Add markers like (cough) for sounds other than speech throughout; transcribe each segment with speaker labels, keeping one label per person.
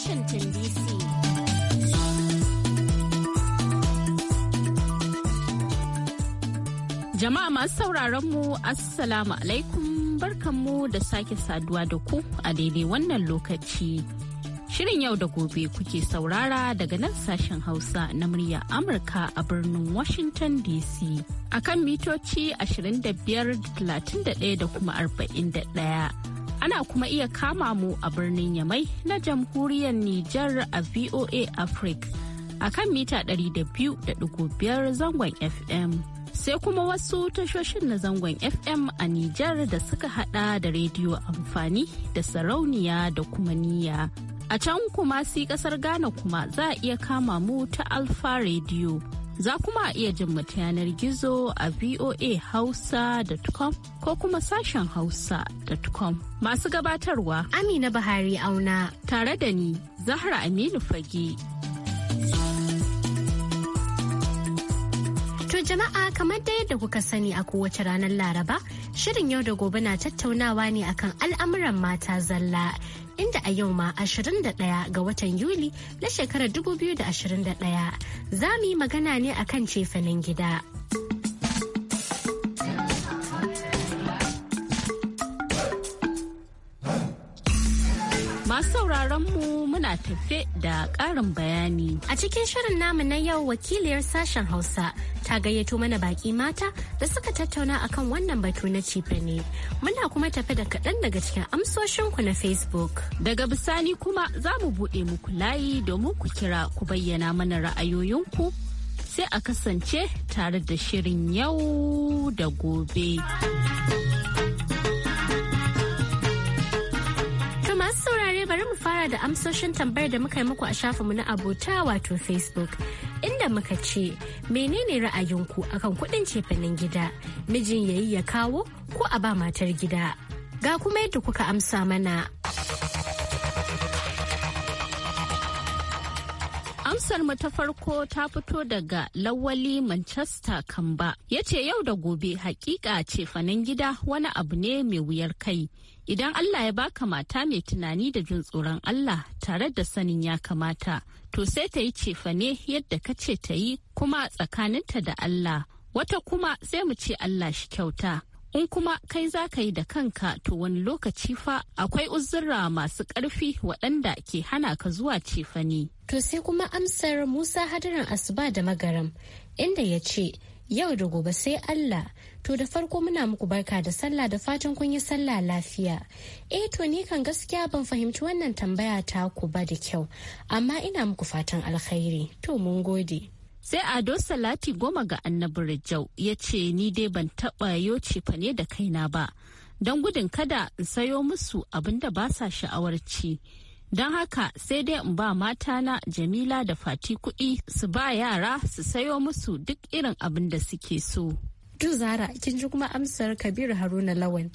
Speaker 1: Washington DC. Jama'a masu sauraron mu Assalamu alaikum barkan mu da sake saduwa da ku a daidai wannan lokaci. Shirin yau da gobe kuke saurara daga nan sashen Hausa na murya Amurka a birnin Washington DC. A kan mitoci 25, 31 da kuma 41. Ana kuma iya kama mu a birnin Yamai na jamhuriyar Nijar a VOA Africa a kan mita 200.5 zangon FM. Sai kuma wasu tashoshin na zangon FM a Nijar da suka hada da rediyo amfani da sarauniya da kuma niyya. A can kuma si kasar Ghana kuma za a iya kama mu ta Alfa Radio. Za kuma iya jin mu yanar gizo a voahausa.com ko kuma sashen hausa.com. Masu gabatarwa Amina Buhari auna tare da ni Zahra Aminu Fage. to jama'a kamar da yadda kuka sani a kowace ranar laraba shirin yau da gobe na tattaunawa ne akan al'amuran mata zalla inda a yau ma 21 ga watan Yuli na shekarar 2021 za mu yi magana ne akan cefanen gida. Masu sauraron mu muna tafe da ƙarin bayani. A cikin shirin namu na yau wakiliyar sashen Hausa ta gayyato mana baki mata da suka tattauna akan wannan batu na cifane. Muna kuma tafe da kaɗan daga cikin amsoshinku na Facebook. Daga bisani kuma za mu buɗe muku layi domin ku kira ku bayyana mana ra'ayoyinku sai a kasance tare da shirin yau da gobe. fara da amsoshin tambayar da muka yi muku a shafinmu na abota wato Facebook inda muka ce menene ra'ayinku akan kuɗin cefanen gida mijin yayi ya kawo ko a ba matar gida. Ga kuma yadda kuka amsa mana. amsar mu ta farko ta fito daga lawali manchester kamba ya ce yau da gobe hakika cefanen gida wani abu ne mai wuyar kai Idan Allah ya baka mata mai tunani da jin tsoron Allah tare da sanin ya kamata, to sai ta yi cefane yadda ka ce ta yi kuma tsakaninta da Allah, wata kuma sai mu ce Allah shi kyauta. In kuma kai za ka yi da kanka to wani lokaci fa akwai uzurra masu ƙarfi waɗanda ke hana ka zuwa cefane. To sai kuma amsar Musa hadarin asuba da magaram, inda ya ce, yau da gobe sai Allah. To da farko muna muku barka da sallah da fatan kun yi sallah lafiya. Eh to ni kan gaskiya ban fahimci wannan tambaya ta ku ba da kyau, amma ina muku fatan alkhairi. To mun gode. Sai Ado Salati goma ga annabi Rajau ya ce ni dai ban taɓa yoce fa ne da kaina ba, don gudun kada in sayo musu abin da ba sa sha'awar ci. don haka sai dai in ba mata na jamila da fati kuɗi su ba yara su sayo musu duk irin abin da suke so duk zara kin ji kuma amsar kabiru haruna lawan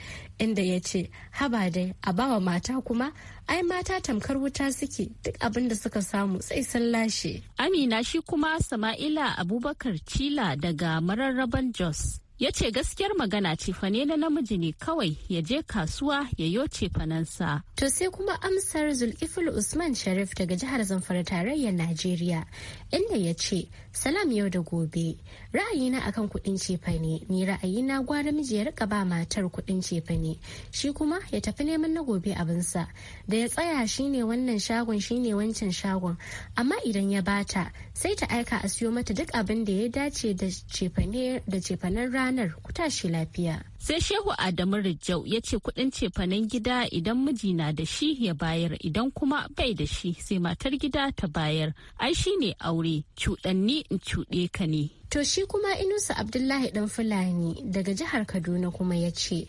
Speaker 1: inda ya ce haba dai a bawa mata kuma ai mata tamkar wuta suke duk abin da suka samu sai sun lashe amina shi kuma sama'ila abubakar cila daga mararraban jos ya ce gaskiyar magana cefane na namiji ne kawai ya je kasuwa ya yo cefanensa. To sai kuma amsar Zulkifil Usman Sharif daga jihar Zamfara tarayyar Najeriya inda ya ce salam yau da gobe ra'ayina akan kuɗin cefane ni ra'ayina gwara miji ya rika ba matar kuɗin cefane shi kuma ya tafi neman na gobe abinsa da ya tsaya shine wannan shagon shine wancan shagon amma idan ya bata sai ta aika a siyo mata duk abin da ya dace da cefane da cefanen ranar ku tashi lafiya. sai shehu adamu rijau ya ce kudin cefanen gida idan miji na da shi ya bayar idan kuma bai da shi sai matar gida ta bayar ai shi ne aure cuɗanni in cuɗe ka ne To shi kuma Inusa Abdullahi ɗan Fulani daga jihar Kaduna kuma ya ce,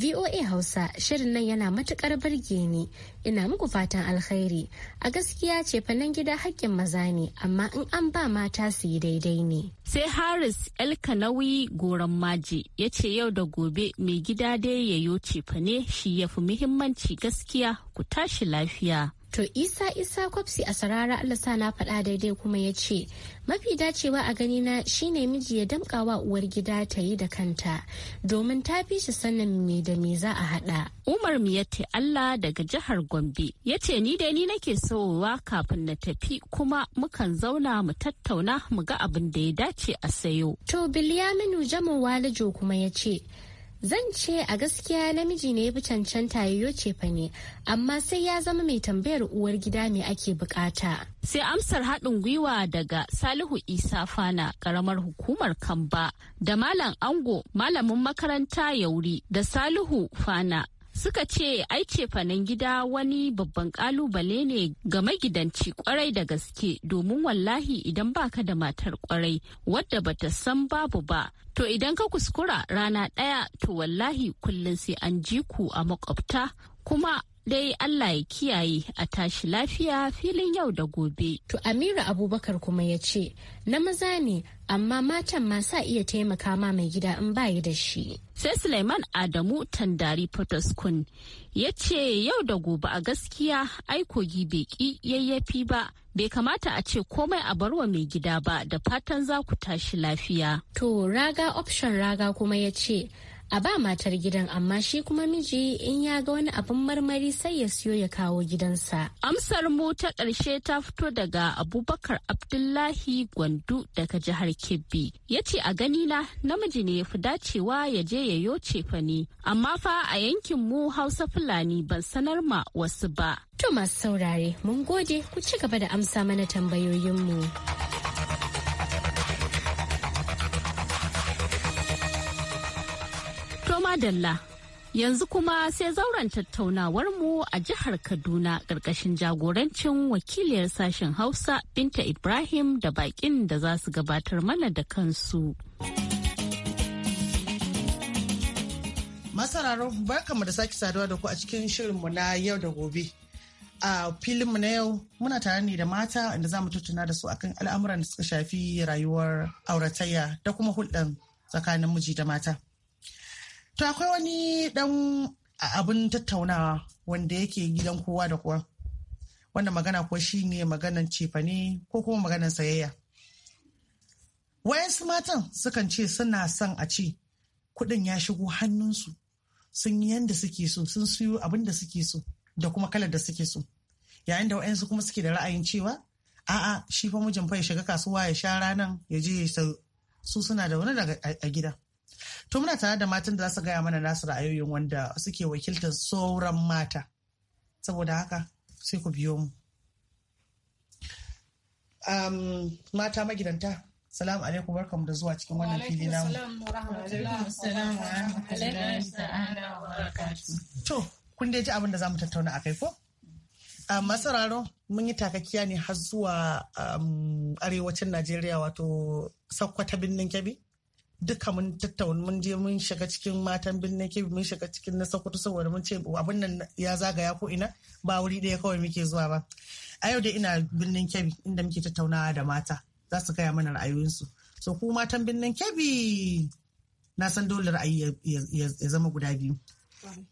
Speaker 1: VOA Hausa shirin nan yana matukar birge ni, ina muku fatan alkhairi. A gaskiya cefanen gida hakkin maza ne, amma in an ba mata su yi daidai ne. Sai Haris Elkanawi Goran Maji ya ce yau da gobe gobe mai gida dai ya cefa ne shi ya fi muhimmanci gaskiya ku tashi lafiya. To Isa Isa kwafsi a sarara Allah sa na faɗa daidai kuma ya ce, mafi dacewa a gani ganina shine miji ya damƙa wa uwar gida ta yi da kanta, domin ta fi shi sanin me da me za a haɗa. Umar Miyatti Allah daga jihar Gombe ya ce ni dai ni nake sowa kafin na tafi kuma mukan zauna mu tattauna mu ga abin da ya dace a sayo. To biliyaminu jamo Walijo kuma ya ce, Zan ce a gaskiya namiji ne ya fi cancanta yoyo ce fa ne, amma sai ya zama mai tambayar uwar gida me ake bukata. Sai amsar haɗin gwiwa daga Salihu Isa Fana, ƙaramar hukumar Kamba, da Malam Ango, malamin makaranta Yauri, da Salihu Fana, suka ce aice fanin gida wani babban kalubale ne ga magidanci kwarai da gaske domin wallahi idan baka da matar kwarai wadda bata san babu ba to idan ka kuskura rana daya to wallahi kullum sai an ji ku a makwabta kuma dai Allah ya kiyaye a tashi lafiya filin yau da gobe. To Amiru Abubakar kuma ya ce, na maza ne amma matan ma sa iya taimaka ma mai gida in bayi da shi. Sai Suleiman Adamu Tandari Potoskun ya ce yau da gobe a gaskiya aiko bai ƙi yayyafi ba bai kamata a ce komai a barwa mai gida ba da fatan za ku tashi lafiya. To raga option raga kuma ya ce a ba matar gidan amma shi kuma miji in ya ga wani abin marmari sai ya siyo ya kawo gidansa. Amsar mu ta ƙarshe ta fito daga Abubakar Abdullahi Gwandu daga jihar Kebbi. Ya ce a gani na namiji ne ya fi dacewa ya je ya yoce fani amma fa a yankin mu Hausa Fulani ban sanar ma wasu ba. To masu saurare mun gode ku ci gaba da amsa mana tambayoyinmu. madalla. Yanzu kuma sai zauren tattaunawarmu a jihar Kaduna ƙarƙashin jagorancin wakiliyar sashen Hausa Binta Ibrahim da baƙin da za su gabatar mana da kansu.
Speaker 2: Masararo barkanmu da sake saduwa da ku a cikin shirinmu na yau da gobe. A filinmu na yau muna tare ne da mata inda za mu tattuna da su akan al'amuran da suka shafi rayuwar auratayya da kuma hulɗan tsakanin miji da mata. To akwai wani dan abin tattaunawa wanda yake gidan kowa da kowa. Wannan magana ko shi ne maganan cefane ko kuma maganan sayayya. Wayansu matan sukan ce suna son a ce kuɗin ya shigo hannunsu sun yi yanda suke so sun siyo abin da suke so da kuma kalar da suke so. Yayin da wayansu kuma suke da ra'ayin cewa a'a shi fa mijin fa ya shiga kasuwa ya sha ranan ya je ya su suna da wani daga a gida. To muna tare da matan da za su gaya mana nasu ra'ayoyin wanda suke wakiltar sauran mata. Saboda haka sai ku biyo mu. Um, mata magidanta, salamu alaikum barkamu da zuwa cikin wannan fili na To, kun dai ji abin da za mu tattauna a kai ko? masu raro mun yi takakkiya ne har zuwa arewacin Najeriya wato sakkwata birnin Kebbi. duka mun tattauna mun je mun shiga cikin matan birnin kebbi mun shiga cikin na sokoto saboda mun ce abin nan ya zagaya ko ina ba wuri ɗaya kawai muke zuwa ba a yau dai ina birnin kebbi inda muke tattaunawa da mata za su gaya mana ra'ayoyinsu so ku matan birnin kebbi na san dole ra'ayi ya zama guda biyu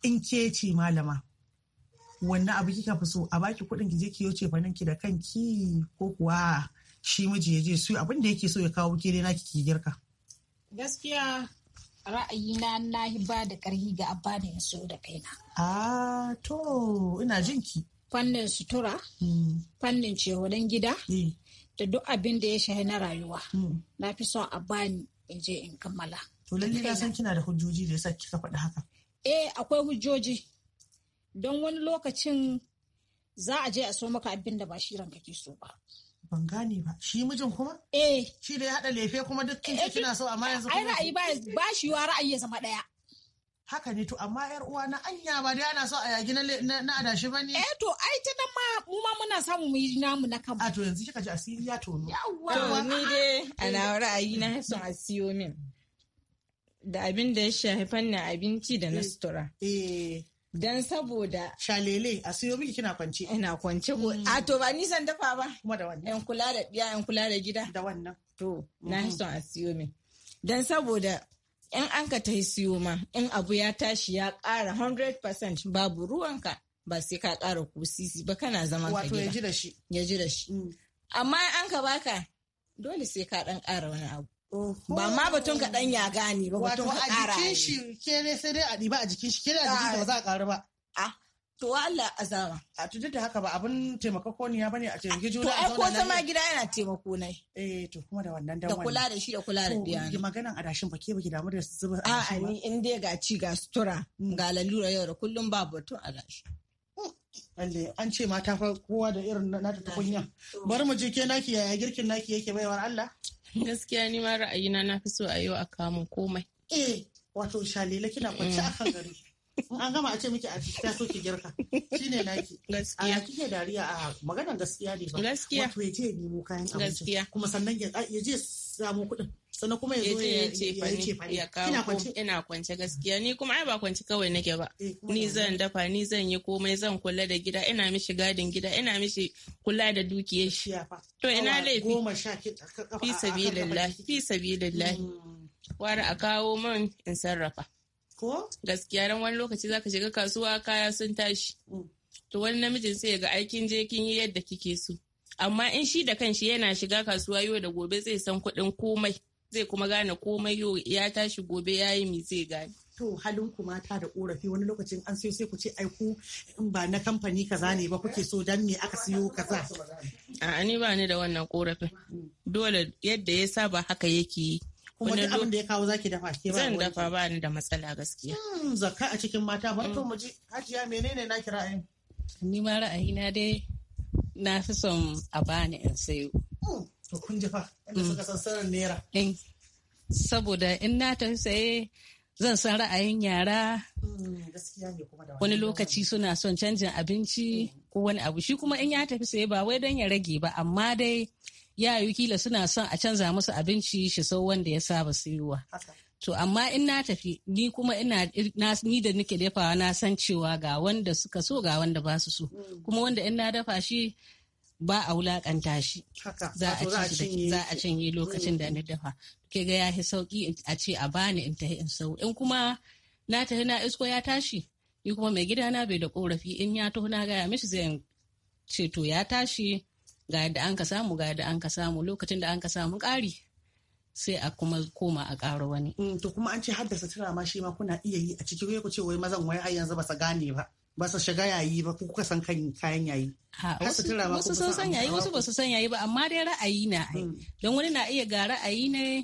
Speaker 2: in ke ce malama Wanne abu kika fi so a baki kuɗin ki je ki yoce fanin ki da kanki ko kuwa shi miji ya je su abin da yake so ya kawo ke dai naki ki girka
Speaker 3: Gaskiya ra'ayina na ba da ƙarfi ga abba da so da kaina. Ah, to ina jinki. Fannin sutura, hmm. fannin cewadan gida, hmm. da duk abin da ya shahi na rayuwa. Hmm. Na fi son a bani in je in kammala.
Speaker 2: To lalle na san kina da hujjoji da yasa kika faɗi haka.
Speaker 3: Eh akwai hujjoji. Don wani lokacin za a je a so maka abin da ba shi ranka ke so ba. ban gane ba shi mijin kuma eh shi da ya hada lefe kuma duk kin ce eh, kina so amma yanzu ai ra'ayi ba ba shi wa ra'ayi ya zama daya haka ne to amma yar uwa na anya ba dai ana so a yagi na na adashi bane eh to ai ta dan ma mu ma muna samu mu yi namu na kan a to yanzu kika ji asiri ya tono yawa ni dai ana ra'ayi na son a siyo min da abin da ya shafi fannin abinci da na eh. sutura eh Dan saboda. Shalele a siyo miki kina kwance. Ina kwance ko. Mm. A to ba nisan dafa ba. Kuma da wannan. Yan kula da biya yan kula da gida. Da wannan. To na mm-hmm. son a siyo min. Dan saboda in an ka ta siyo ma in abu ya tashi ya ƙara 100% babu ruwanka ba sai ka ƙara ko sisi ba kana zaman ka gida. Wato ya ji da shi. Ya ji da shi. Mm. Amma an ka baka dole sai ka ɗan ƙara wani abu.
Speaker 2: ba ma batun ka ɗan ya gane ba batun ka ƙara a jikin shi ke ne sai dai a ɗiba a jikin shi kere ne a jikin ba za a ƙaru ba a to Allah azama. a to da haka ba abin taimakako ne ya bane a taimaki juna a ko zama gida yana taimako ne eh to kuma da wannan dan da kula da shi da kula da diya to
Speaker 3: maganan adashin ba ke ba ki damu da zuba a a ni in dai ga ci ga sutura hmm. ga
Speaker 2: lalura yau da kullum ba batun adashi hmm. Lalle an ce mata fa kowa da irin nata ta kunya. Bari mu je ke naki yaya girkin naki yake baiwar Allah? Gaskiya ni ma
Speaker 4: ra'ayina na fi so a yau a kamun komai.
Speaker 2: Eh, wato shalila kina kwance a kan gari. An gama a ce miki a ta so ki girka. Shi ne naki. Gaskiya. A kike dariya a maganar gaskiya ne ba. Gaskiya. Wato ya je ya nemo kayan abinci. Gaskiya. Kuma sannan ya je samu kuɗin sannan kuma ya zo ya ce
Speaker 4: ina kwance gaskiya ni kuma ai ba kwance kawai nake ba eh, ni zan dafa ni zan yi komai zan kula da gida ina mishi gadin gida ina mishi kula da dukiyar shi to ina
Speaker 2: laifi fi sabilillahi
Speaker 4: fi sabilillahi hmm. wara a kawo man in sarrafa ko gaskiya ran wani lokaci zaka shiga kasuwa kaya sun tashi hmm. to wani namijin sai ya ga aikin je kin yi yadda kike so amma in shi da kanshi yana shiga kasuwa yau da gobe zai san kuɗin komai zai kuma gane komai yau ya tashi gobe ya yi mi zai
Speaker 2: gane to halin ku mata da korafi wani lokacin an siyo sai ku ce ai ku ba na kamfani kaza ne ba kuke so dan me aka siyo kaza
Speaker 4: a ni ba ni da wannan korafin dole yadda ya saba haka yake yi kuma duk abin da
Speaker 2: ya kawo zaki dafa ke ba zan
Speaker 4: dafa ba ni da matsala gaskiya
Speaker 2: hmm, zakka a cikin mata ba to hmm. mu ji hajiya menene na ra'ayin ni ma ra'ayi na dai
Speaker 5: na fi son a bani in sayo. Hmm, to kun ji inda hmm. suka san sanin naira. Eh, saboda in na tafi saye zan san ra'ayin yara. Hmm, wani lokaci suna son canjin abinci ko wani abu. Shi kuma in ya tafi saye ba wai don ya rage ba, amma dai ya yi kila suna son a canza musu abinci shi sau wanda ya saba siyuwa. To amma in na tafi ni kuma ina ni da nake dafawa na san cewa ga wanda suka so ga wanda ba su so mm. kuma wanda in na dafa shi ba a wulakanta shi za a cinye lokacin da mm. na dafa ke ga ya sauki a ce a bani in tafi in sau in kuma na tafi na isko ya tashi ni kuma mai gida na bai da korafi in ya taho na gaya mishi zai ce to ya tashi ga yadda an ka samu ga yadda an ka samu lokacin da an ka samu ƙari sai a
Speaker 2: kuma koma a ƙara wani. Mm, to kuma an ce haddasa tura ma shi ma kuna iya yi a ciki ku ce wai mazan wai har yanzu ba sa gane ba. ba su shiga yayi ba kuka san kayan yayi. Wasu sun san yayi wasu ba
Speaker 5: su san yayi ba amma dai ra'ayi na mm. don wani na iya ga ra'ayi ne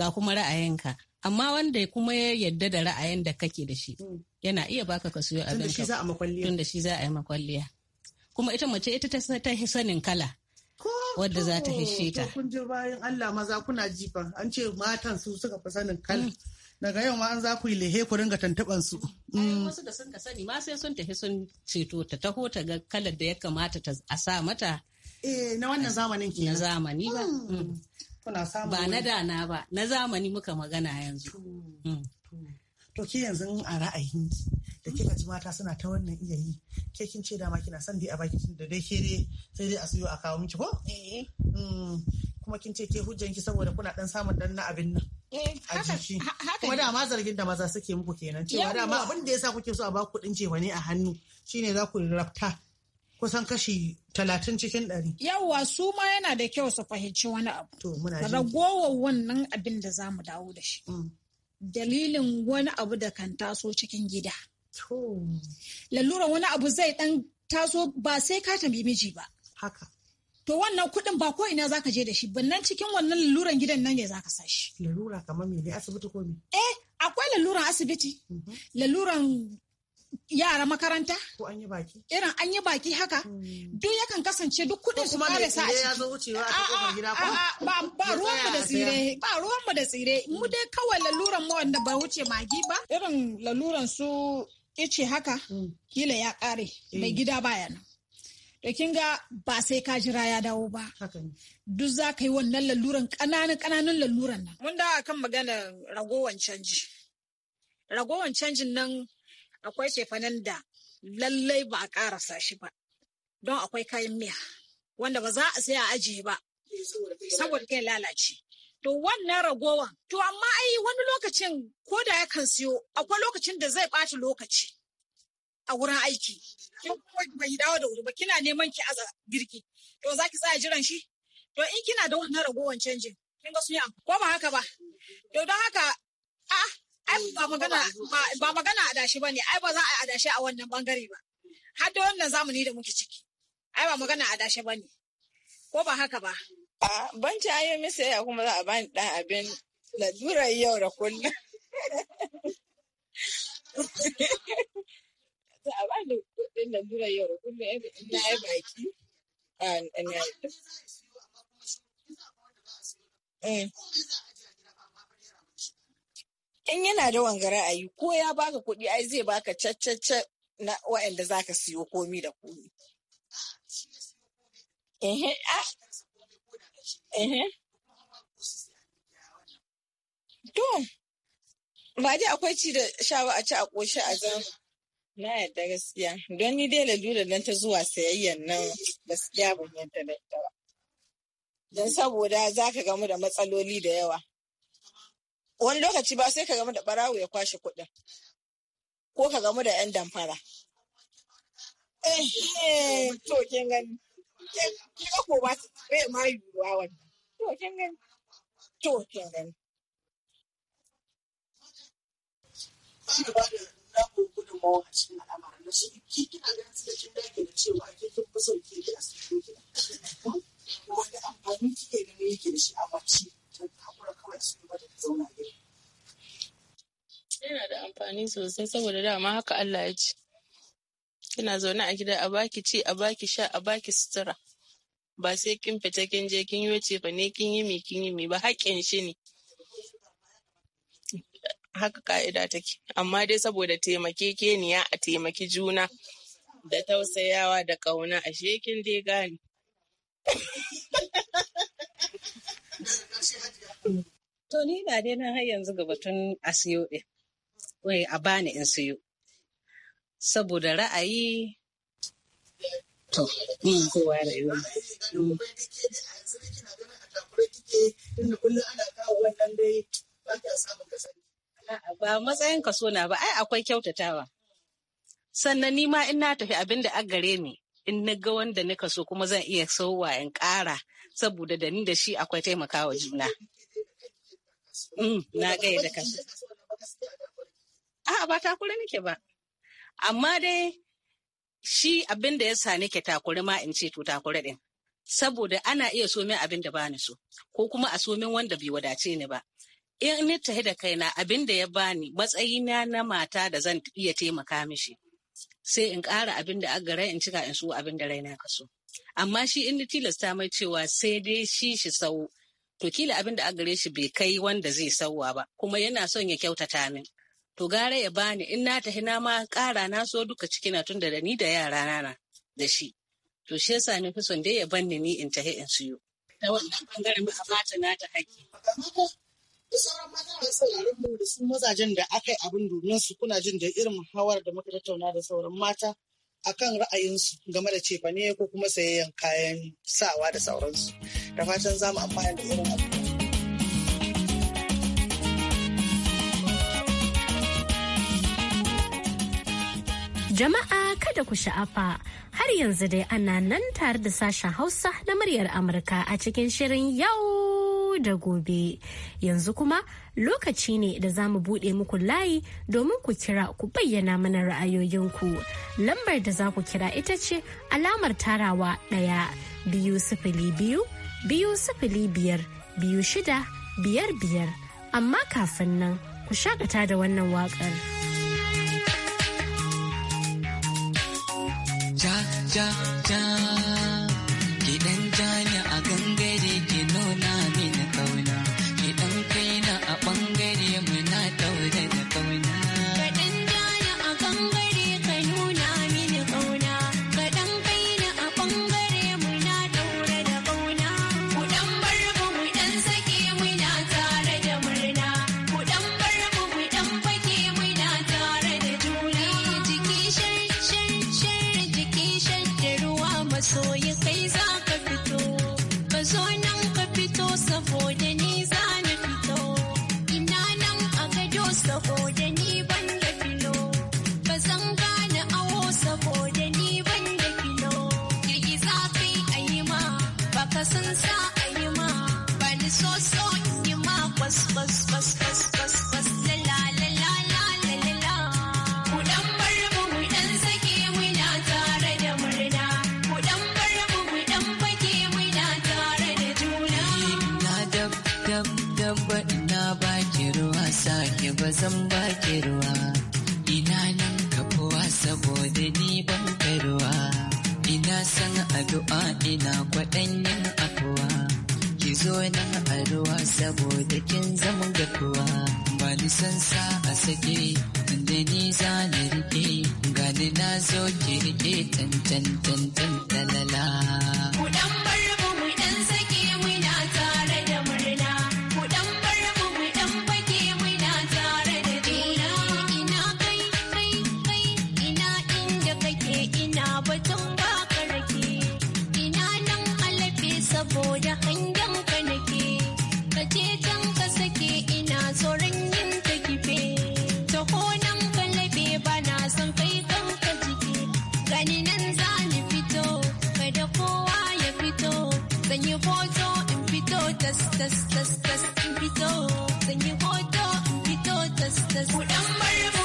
Speaker 5: ga kuma ra'ayinka amma wanda kuma ya yadda da ra'ayin da kake da shi mm. yana iya baka ka suyo abin tun da shi za a yi makwalliya kuma ita mace ita ta sanin kala wadda za ta hishe ta. Kun
Speaker 2: ji bayan Allah maza kuna jifa an ce matan su suka fi sanin kala. Mm. Daga yau ma an za ku yi lehe ku ringa tantaban su. Mm.
Speaker 5: Wasu da sun ka sani ma sai sun tafi sun ceto ta taho ta ga kalar da ya kamata a sa mata. Eh na wannan zamanin ke. Na zamani ba. Mm. Kuna samu. Ba na dana ba na zamani muka magana yanzu.
Speaker 2: to ke yanzu a ra'ayin da kika ci mata suna ta wannan iya yi ke kin ce dama kina son dai a baki da dai ke dai sai dai a siyo a kawo miki ko eh. hmm. kuma kin ce ke hujjanki saboda kuna dan samun dan na abin nan eh, a jiki kuma dama zargin da maza suke muku kenan cewa dama abin da yasa kuke so a ba kudin cewa ne a hannu shine za ku rafta kusan kashi talatin cikin ɗari.
Speaker 3: Yawwa su ma yana da kyau su fahimci wani abu. To Ragowar wannan abin da za mu dawo da shi. Hmm. dalilin wani abu da kan taso cikin gida. laluran wani abu zai dan taso ba sai ka tambi miji ba. Haka. To wannan kuɗin ba ko ina zaka je da shi bannan cikin wannan laluran gidan nan ne zaka sa shi.
Speaker 2: Lallura kamar me asibiti ko me?
Speaker 3: Eh akwai laluran asibiti. Mhm. Laluran yara makaranta irin an yi baki haka hmm. duk yakan kasance duk kudin su sa a ba ruwan da tsire ba ruwan mu da tsire mu hmm. dai kawai laluran mu wanda ba wuce magi ba irin laluran su ice haka hmm. kila ya kare eh. mai gida baya nan da kin ga ba sai ka jira ya dawo ba. Duk za ka yi wannan laluran ƙananan ƙananan laluran nan. Mun da kan magana ragowan canji. Ragowan canjin nan akwai cefanen da lallai ba a karasa shi ba don akwai kayan miya wanda ba za a sai a ajiye ba saboda kai lalace to wannan ragowan to amma ai wani lokacin ko da ya kan siyo akwai lokacin da zai ɓaci lokaci a wurin aiki Kin bai dawo da wuri ba kina neman ki aza girki to za ki tsaya jiran shi to in kina da wannan ragowan canjin kin ga sun ko ba haka ba to don haka a ai ba magana ba magana adashi bane ai ba za a yi adashi a wannan bangare ba har da wannan zamani da muke ciki ai ba magana a ba bane ko ba haka ba a banci ayo misa ya kuma za a bani dan abin lalurar yau da kullum (laughs) za a bani kudin lalurar yau da kullum na yi baki a in yana da wanga ra'ayi ko ya baka kuɗi ai zai baka caccace na wa'anda za ka siyo komi da komi. To, ba dai akwai ci da sha ba a ci a ƙoshi a zan na yadda gaskiya don ni dai lalura nan ta zuwa sayayyan nan gaskiya ban yadda da Don saboda za ka gamu da matsaloli da yawa. wani lokaci ba sai ka gamu da barawo ya kwashe kuɗin ko ka gamu da 'yan damfara. Eh, to kin gani. Kika ko ba bai ma yiwuwa wannan. To kin gani. To kin gani.
Speaker 2: Ba ku a cikin al'amarin na su da da cewa a Wanda amfani kike ne yake da shi a mace. kuma
Speaker 3: zauna gida.
Speaker 4: Yana da amfani sosai saboda dama haka Allah ya ce. Kina zaune a gida a baki ci, a baki sha, a baki sutura. Ba sai kin fita kin je kin yi ce ba ne kin yi mi kin yi mi ba haƙƙin shi ne. Haka ka'ida take. Amma dai saboda keniya, a taimaki juna da tausayawa da ƙauna ashe kin dai gane.
Speaker 5: (laughs) (laughs) To ni na dai nan har yanzu ga batun a siyo ɗin. Wai a bani in siyo. Saboda ra'ayi
Speaker 2: to in kowa rayuwa.
Speaker 5: Ba matsayin kaso na ba, ai akwai kyautatawa. Sannan ni ma in na tafi abin da an gare ni, in na ga wanda nika so kuma zan iya sauwa in ƙara saboda da ni da shi akwai taimakawa juna. Mm, na gaya da kan a'a ba takuri nake ba amma dai shi abin da ya sa nake takuri ma in ce to takuri din saboda ana iya so min abin da ba so ko kuma a so min wanda bai wadace ni ba in ni tahi da kaina abin da ya bani matsayina na mata da zan iya taimaka mishi sai in ƙara abin da aka in cika in so abin da raina ka so amma shi in ni tilasta mai cewa sai dai shi shi sau to kila abin da gare shi bai kai wanda zai sauwa ba kuma yana son ya kyautata min to gara ya bani in na tafi na ma ƙara na so duka cikina tunda da ni da yara na da shi to shi yasa ni fi son dai ya banni ni in tafi in siyo ta wannan bangaren muka bata na ta haƙƙi
Speaker 2: sauran mata sauraron da sun mazajen da aka yi abin domin su kuna jin da irin hawar da muka tattauna da sauran mata akan ra'ayinsu game da cefane ko kuma sayayyan kayan sawa da sauransu da fatan za mu amfani da irin abu
Speaker 1: Jama'a kada ku sha'afa har yanzu dai ana nan tare da sashen Hausa na muryar Amurka a cikin shirin yau da gobe. Yanzu kuma lokaci ne da za mu buɗe muku layi domin ku kira ku bayyana mana ra'ayoyinku. Lambar da za ku kira ita ce alamar tarawa ɗaya biyu sifili biyu biyu sifili biyar biyu shida biyar biyar. Amma kafin nan ku shakata da wannan waƙar.
Speaker 6: Ja, ja, ja. wani a ruwa saboda kin zama garkuwa ba lisan sa a sake inda ni za na rike gani na zo ki rike tantan tantan talala.
Speaker 7: tas tas tas in fito, zan yi hoto in fito tas tas. Kuɗin marmari.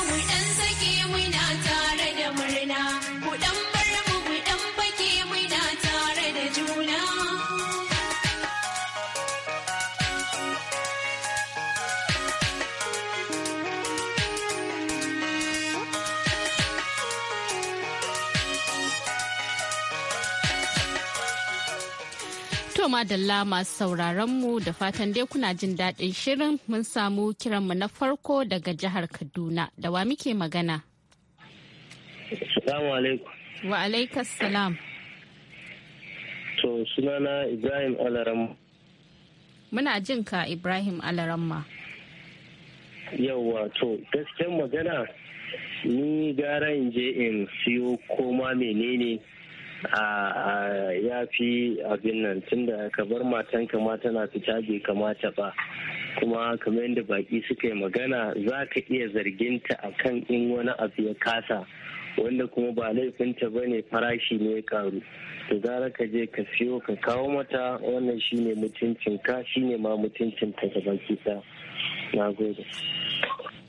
Speaker 1: To madalla masu sauraron mu da fatan dai kuna jin daɗin shirin mun samu kiranmu na farko daga jihar Kaduna da wa muke magana.
Speaker 2: Assalamu alaikum.
Speaker 1: Wa alaikas salam.
Speaker 2: To sunana Ibrahim Alaram.
Speaker 1: Muna jin ka Ibrahim Alaramma.
Speaker 2: Yawwa to gasken magana ni gara
Speaker 7: in je in siyo koma menene. ne ya fi abin nan tunda ka bar matan kama tana fita bai kamata ba kuma kamar yadda baki suka yi magana za ka iya zarginta a kan in wani abu ya kasa wanda kuma ba laifinta ba ne farashi ne ya karu da zara ka je ka siyo ka kawo mata wannan shine mutuncin ka shine ma mutuncin ta gaba ta na gode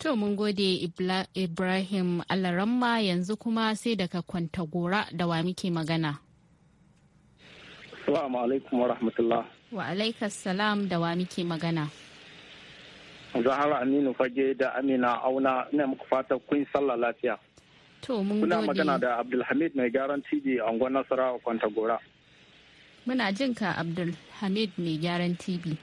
Speaker 1: To mun gode Ibrahim Alaramma yanzu kuma sai daga kwanta gora da wa muke magana.
Speaker 2: Salamu alaikum wa rahmatullah.
Speaker 1: Wa alaikas salam da wa muke magana.
Speaker 2: Zahara Aminu Fage da Amina Auna ina muku fata kun sallah lafiya.
Speaker 1: To mun gode. Kuna magana da
Speaker 2: Abdulhamid mai gyaran TV a unguwar Nasarawa kwanta gora.
Speaker 1: Muna jin ka Abdulhamid mai gyaran TV.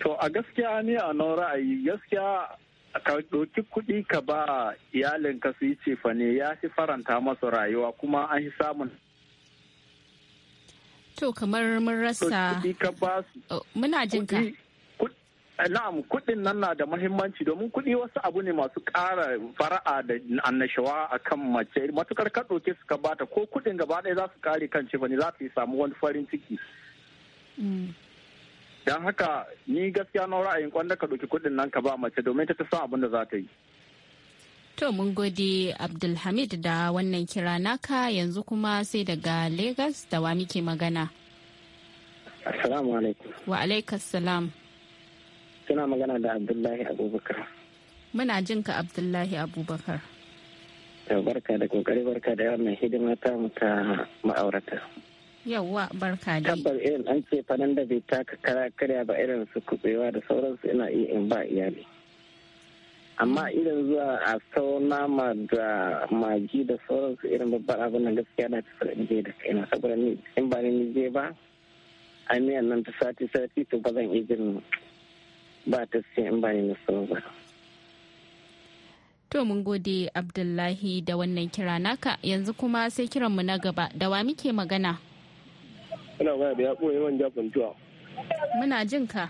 Speaker 2: To a gaskiya ni a nan ra'ayi gaskiya ka ɗauki kuɗi ka ba iyalinka su yi cefa ne ya fi faranta masa rayuwa kuma an yi samun
Speaker 1: to kamar mun rasa oh, muna jin ka
Speaker 2: na'am kuɗin nan na da mahimmanci domin kuɗi wasu abu ne masu ƙara fara'a da annashawa a kan mace matukar ka ɗauke su ka bata ko kuɗin gaba ɗaya za su kare kan cefa ne za su yi samu wani farin ciki mm. don haka ni gaskiya na ra'ayin kwanda ka ɗauki kuɗin nan ka ba mace domin ta ta san abin da za ta yi
Speaker 1: To mun gode Abdulhamid da wannan kira naka yanzu kuma sai daga Legas da wa muke magana.
Speaker 4: Assalamu alaikum.
Speaker 1: Wa alaikas salam.
Speaker 4: Suna magana da Abdullahi Abubakar.
Speaker 1: Muna jin ka Abdullahi Abubakar.
Speaker 4: Ta barka da kokari barka da wannan hidima ta ma'aurata. Yawwa barka da. Tabbas irin an ce fanan da bai taka kara karya ba irin su kubewa da sauransu ina iya in ba iyali. Amma irin zuwa a sau nama da magi da sauransu irin babbar abin da gaskiya na ta je da kaina saboda ni in ba ni je ba a miyan nan ta sati sati to ba zan iya ba ta sai in ba ni na sau ba.
Speaker 1: To mun gode Abdullahi da wannan kira naka yanzu kuma sai kiranmu na gaba da wa muke magana.
Speaker 6: Ana magana da ya ɓoye yawan manja tuwa.
Speaker 1: Muna jin ka.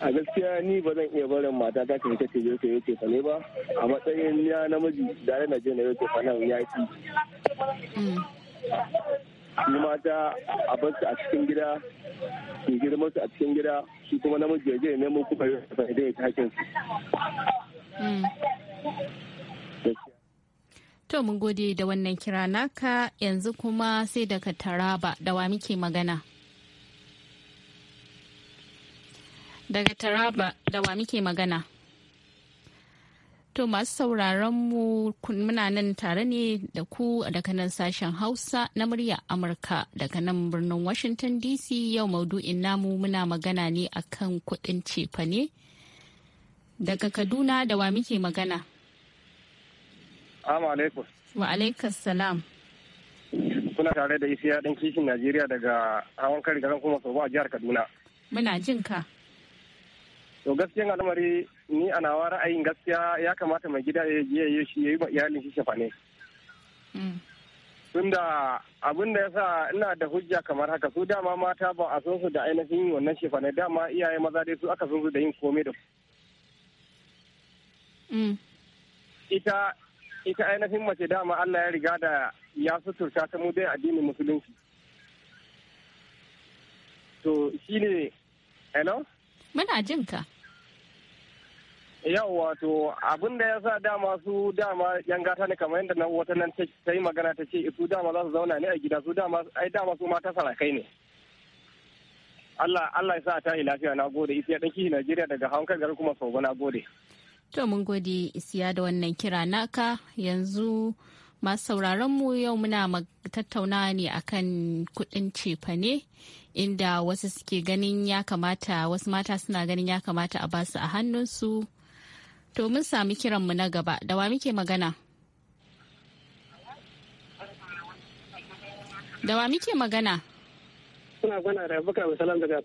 Speaker 6: A gaskiya ni ba zan iya barin mata ta ce ce yau yau ce ne ba a matsayin ya namiji
Speaker 2: da na je na yau ce nan ya ci. Mm. Ni mata a bar su a cikin gida ki girma su a cikin gida shi kuma namiji ya je nemo kuma yau ta fa'ida ya ta hakin su.
Speaker 1: Mm. To mun gode da wannan kira naka yanzu kuma sai daga Taraba da wa muke magana. Daga Taraba da wa muke magana. To masu sauraron mu muna nan tare ne da ku daga nan sashen Hausa na murya Amurka daga nan birnin Washington DC yau maudu'in namu muna magana ne akan kuɗin cefane. Daga Kaduna da wa muke magana.
Speaker 2: alaikum.
Speaker 1: Wa alaikum salam.
Speaker 2: Kuna tare da isiya ɗan kishin Najeriya daga hawan kari garin kuma sau jihar Kaduna.
Speaker 1: Muna jin ka.
Speaker 2: To gaskiyan al'amari ni a nawa ra'ayin gaskiya ya kamata mai gida ya je shi ya yi ma iyalin shi shafa ne. Mm. Tunda abin da ya sa ina da hujja kamar haka su dama mata ba a sun su da ainihin wannan shafa ne dama iyaye maza dai su aka sun su da yin komai da ku. Mm. Ita ita ainihin mace dama Allah ya riga da ya suturta ta mu dai addinin musulunci. To shi ne, hello? Muna jin ka. Yau wato abin da ya sa dama su dama yan gata ne kamar yadda wata nan ta yi magana ta ce eh, su dama za su zauna ne a gida su dama ai dama su mata sarakai ne. Allah ya sa ta yi lafiya na gode ita ya ɗan kishi Najeriya daga hankali kuma sau na gode.
Speaker 1: To mun gode isiya da wannan kira naka yanzu masu sauraron mu yau muna tattaunawa ne akan kudin cefane inda wasu suke ganin ya kamata wasu mata suna ganin ya kamata a basu a hannunsu. To mun sami kiranmu na gaba da wa muke magana? Da wa muke magana?
Speaker 2: da daga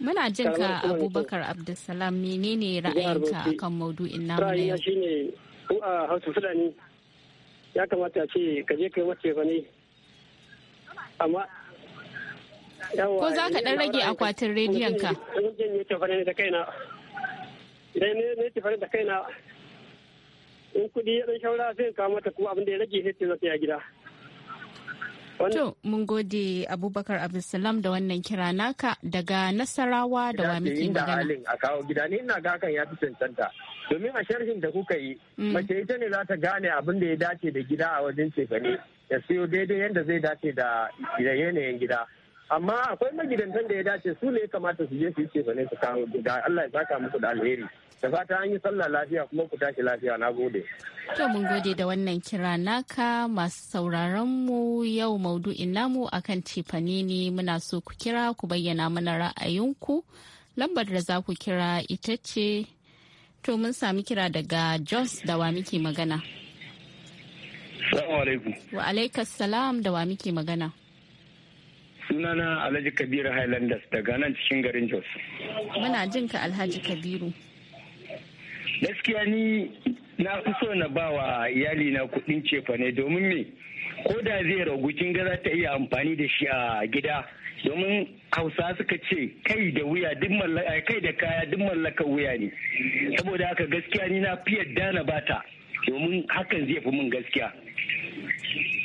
Speaker 1: Muna jin ka Abubakar Abdulsalam menene ra'ayinka akan maudu'in namu na yau?
Speaker 2: shine ko a Hausa Fulani ya kamata ce ka je kai mace ne. Amma ko za ka ɗan rage
Speaker 1: akwatin rediyon ka?
Speaker 2: Idan ne tafare da kaina in kudi ya ɗan shaura sai ka mata kuma abin da ya rage sai ta zata ya gida. To,
Speaker 1: mun gode Abubakar Abdulsalam da wannan kira naka daga Nasarawa da wa muke magana.
Speaker 2: a kawo gida ni ina ga ya fi cancanta. Domin a sharhin da kuka yi, mm. mace ita ne za ta gane abin da ya dace da gida a wajen cefane ya siyo daidai yadda zai dace da yanayin gida. Amma akwai magidantan da ya dace su ne ya kamata su je su yi cefane su kawo gida. Allah ya zaka musu da alheri. da fata an yi sallah lafiya kuma ku tashi lafiya na gode.
Speaker 1: To mun gode da wannan kira naka masu sauraron mu yau maudu'in namu akan cefane ne muna so ku kira ku bayyana mana ra'ayinku lambar da za ku kira ita ce to mun sami kira daga Jos da wa muke magana. Wa alaikas salam da wa muke magana.
Speaker 2: Sunana Alhaji Kabiru Highlanders daga nan cikin garin Jos.
Speaker 1: Muna jinka Alhaji Kabiru.
Speaker 2: gaskiya ni na fi so na ba wa iyali na cefa cefane domin me ko da zai ragu kin ga za ta iya amfani da shi a gida domin hausa suka ce kai da wuya kai da kaya duk mallakar wuya ne saboda haka gaskiya ni na fi yadda na bata domin hakan zai fi mun gaskiya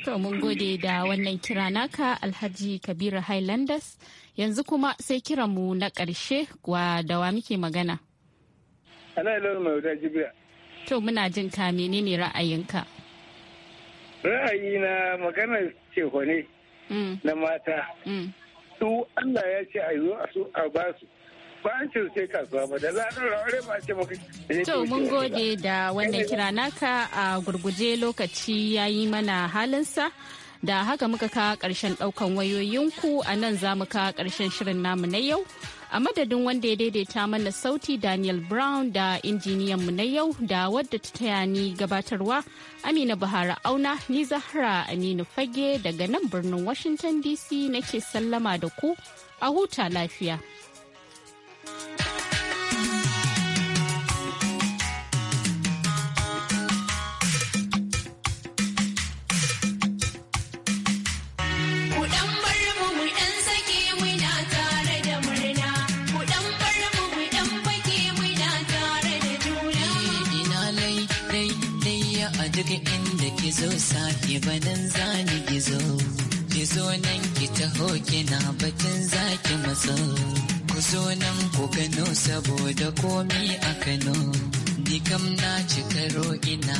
Speaker 1: to mun gode da wannan kira naka alhaji kabiru highlanders yanzu kuma sai kiranmu na karshe da wa muke magana
Speaker 6: ana lauyin mai wuta jibiya
Speaker 1: to muna jin ka ne ra'ayinka
Speaker 6: ra'ayi na magana cewa ne mm. na mata mm. su Allah ya ce a zo a su a ba su ba an ce sai kasuwa ba da zaɗin ba ce maka to mun gode
Speaker 1: da wannan kira naka a gurguje lokaci ya yi mana halinsa. da haka muka kawo ƙarshen ɗaukan wayoyinku a nan za mu kawo ƙarshen shirin namu na yau a madadin wanda ya daidaita mana sauti daniel brown da injiniyan mu na yau da wadda ta taya ni gabatarwa amina buhari auna ni zahra aminu fage daga nan birnin washington dc nake sallama da ku a huta lafiya.
Speaker 6: duk inda ki zo sake banan zani gizo ki zo nan ki taho kina batun zaki matsa ku zo nan ku gano saboda komi a kano ni kam na ci ina